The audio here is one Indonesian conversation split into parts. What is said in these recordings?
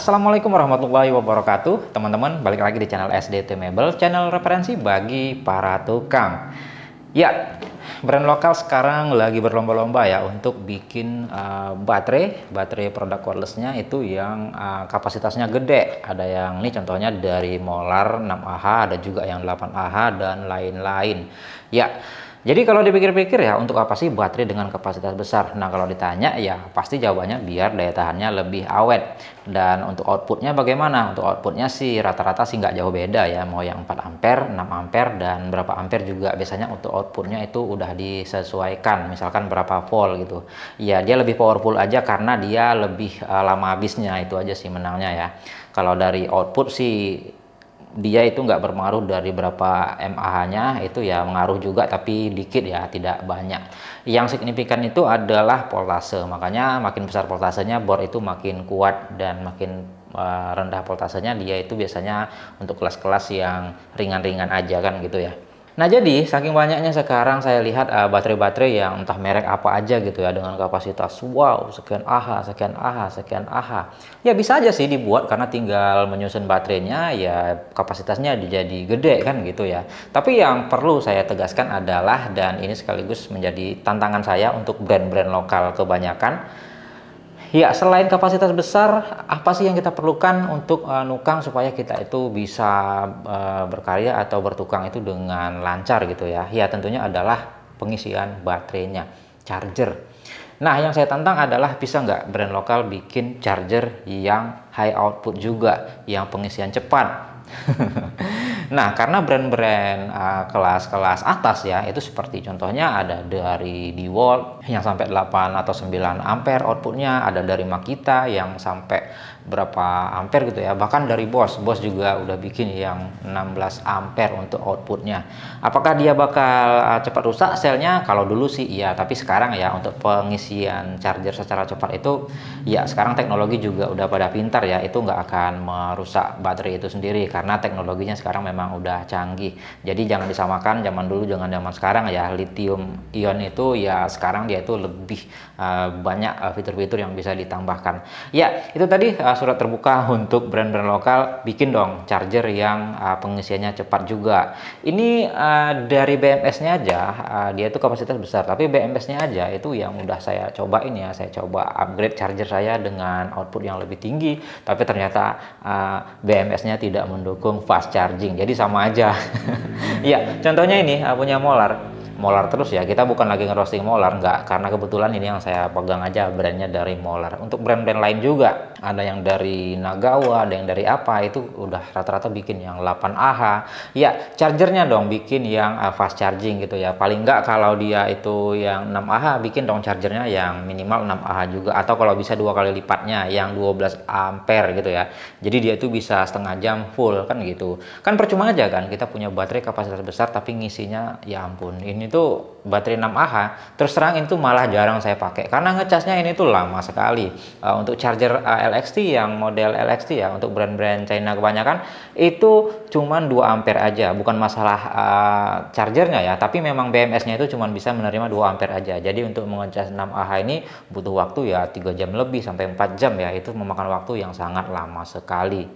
Assalamualaikum warahmatullahi wabarakatuh Teman-teman balik lagi di channel SDT Mebel Channel referensi bagi para tukang Ya brand lokal sekarang lagi berlomba-lomba ya Untuk bikin uh, baterai Baterai produk wirelessnya itu yang uh, kapasitasnya gede Ada yang ini contohnya dari Molar 6Ah Ada juga yang 8Ah dan lain-lain Ya jadi kalau dipikir-pikir ya untuk apa sih baterai dengan kapasitas besar? Nah kalau ditanya ya pasti jawabannya biar daya tahannya lebih awet. Dan untuk outputnya bagaimana? Untuk outputnya sih rata-rata sih nggak jauh beda ya. Mau yang 4 ampere, 6 ampere, dan berapa ampere juga biasanya untuk outputnya itu udah disesuaikan. Misalkan berapa volt gitu. Ya dia lebih powerful aja karena dia lebih uh, lama habisnya itu aja sih menangnya ya. Kalau dari output sih dia itu nggak berpengaruh dari berapa MAH-nya itu ya mengaruh juga tapi dikit ya tidak banyak yang signifikan itu adalah voltase makanya makin besar voltasenya bor itu makin kuat dan makin eh, rendah voltasenya dia itu biasanya untuk kelas-kelas yang ringan-ringan aja kan gitu ya Nah jadi saking banyaknya sekarang saya lihat eh, baterai-baterai uh, yang entah merek apa aja gitu ya dengan kapasitas wow sekian ah sekian ah sekian ah ya bisa aja sih dibuat karena tinggal menyusun baterainya ya kapasitasnya jadi gede kan gitu ya. Tapi yang perlu saya tegaskan adalah dan ini sekaligus menjadi tantangan saya untuk brand-brand lokal kebanyakan Ya, selain kapasitas besar, apa sih yang kita perlukan untuk uh, nukang supaya kita itu bisa uh, berkarya atau bertukang itu dengan lancar gitu ya? Ya, tentunya adalah pengisian baterainya, charger. Nah, yang saya tantang adalah bisa nggak brand lokal bikin charger yang high output juga, yang pengisian cepat. Nah, karena brand-brand kelas ah, kelas-kelas atas ya, itu seperti contohnya ada dari DeWalt yang sampai 8 atau 9 ampere outputnya, ada dari Makita yang sampai berapa ampere gitu ya, bahkan dari bos bos juga udah bikin yang 16 ampere untuk outputnya. Apakah dia bakal uh, cepat rusak selnya? Kalau dulu sih iya, tapi sekarang ya untuk pengisian charger secara cepat itu, ya sekarang teknologi juga udah pada pintar ya, itu nggak akan merusak baterai itu sendiri karena teknologinya sekarang memang memang udah canggih. Jadi jangan disamakan zaman dulu dengan zaman sekarang ya. Lithium ion itu ya sekarang dia itu lebih uh, banyak fitur eh, fitur-fitur yang bisa ditambahkan. Ya, itu tadi uh, surat terbuka untuk brand-brand lokal. Bikin dong charger yang uh, pengisiannya cepat juga. Ini uh, dari BMS-nya aja uh, dia itu kapasitas besar, tapi BMS-nya aja itu yang udah saya cobain ya. Saya coba upgrade charger saya dengan output yang lebih tinggi, tapi ternyata uh, BMS-nya tidak mendukung fast charging. Jadi jadi sama aja ya contohnya ini eh, punya molar molar terus ya kita bukan lagi ngerosting molar enggak. karena kebetulan ini yang saya pegang aja brandnya dari molar untuk brand-brand lain juga ada yang dari Nagawa, ada yang dari apa itu udah rata-rata bikin yang 8 AH. Ya, chargernya dong bikin yang uh, fast charging gitu ya. Paling nggak kalau dia itu yang 6 AH bikin dong chargernya yang minimal 6 AH juga atau kalau bisa dua kali lipatnya yang 12 ampere gitu ya. Jadi dia itu bisa setengah jam full kan gitu. Kan percuma aja kan kita punya baterai kapasitas besar tapi ngisinya ya ampun. Ini tuh baterai 6 AH terus terang itu malah jarang saya pakai karena ngecasnya ini tuh lama sekali. Uh, untuk charger uh, LXT yang model LXT ya untuk brand-brand China kebanyakan itu cuma 2 ampere aja bukan masalah uh, chargernya ya tapi memang BMS-nya itu cuma bisa menerima 2 ampere aja jadi untuk mengecas 6AH ini butuh waktu ya 3 jam lebih sampai 4 jam ya itu memakan waktu yang sangat lama sekali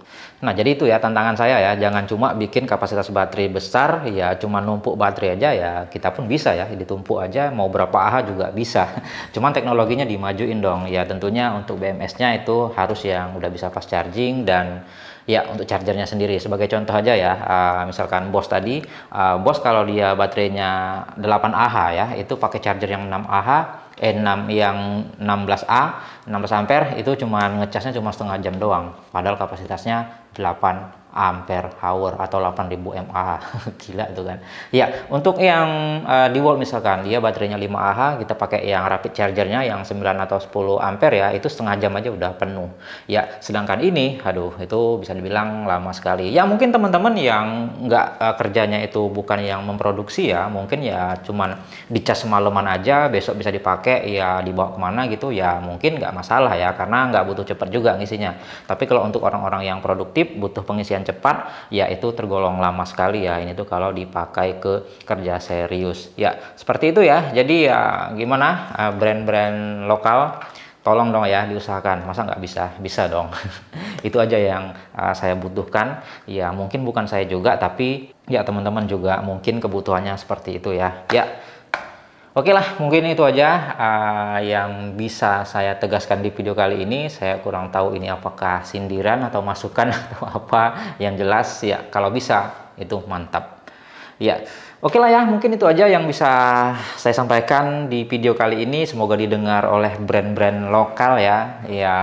nah jadi itu ya tantangan saya ya jangan cuma bikin kapasitas baterai besar ya cuma numpuk baterai aja ya kita pun bisa ya ditumpuk aja mau berapa AH juga bisa cuman teknologinya dimajuin dong ya tentunya untuk BMS-nya itu harus harus yang udah bisa fast charging dan ya untuk chargernya sendiri sebagai contoh aja ya uh, misalkan bos tadi uh, bos kalau dia baterainya 8 Ah ya itu pakai charger yang 6 Ah eh 6 yang 16A 16 ampere itu cuma ngecasnya cuma setengah jam doang padahal kapasitasnya 8 ampere hour atau 8000 mAh gila itu kan ya untuk yang uh, di wall misalkan dia baterainya 5 Ah kita pakai yang rapid chargernya yang 9 atau 10 ampere ya itu setengah jam aja udah penuh ya sedangkan ini aduh itu bisa dibilang lama sekali ya mungkin teman-teman yang nggak uh, kerjanya itu bukan yang memproduksi ya mungkin ya cuman dicas semalaman aja besok bisa dipakai ya dibawa kemana gitu ya mungkin nggak masalah ya karena nggak butuh cepat juga ngisinya tapi kalau untuk orang-orang yang produktif butuh pengisian cepat ya itu tergolong lama sekali ya ini tuh kalau dipakai ke kerja serius ya seperti itu ya jadi ya gimana eh, brand-brand lokal tolong dong ya diusahakan masa nggak bisa bisa dong itu aja yang uh, saya butuhkan ya mungkin bukan saya juga tapi ya teman-teman juga mungkin kebutuhannya seperti itu ya ya Oke lah, mungkin itu aja uh, yang bisa saya tegaskan di video kali ini. Saya kurang tahu ini apakah sindiran atau masukan atau apa. Yang jelas ya kalau bisa itu mantap. Ya, oke lah ya. Mungkin itu aja yang bisa saya sampaikan di video kali ini. Semoga didengar oleh brand-brand lokal ya. Ya,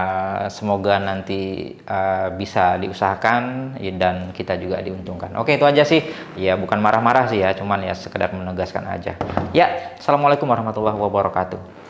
semoga nanti uh, bisa diusahakan dan kita juga diuntungkan. Oke, itu aja sih. Ya, bukan marah-marah sih ya. Cuman ya sekedar menegaskan aja. Ya, assalamualaikum warahmatullahi wabarakatuh.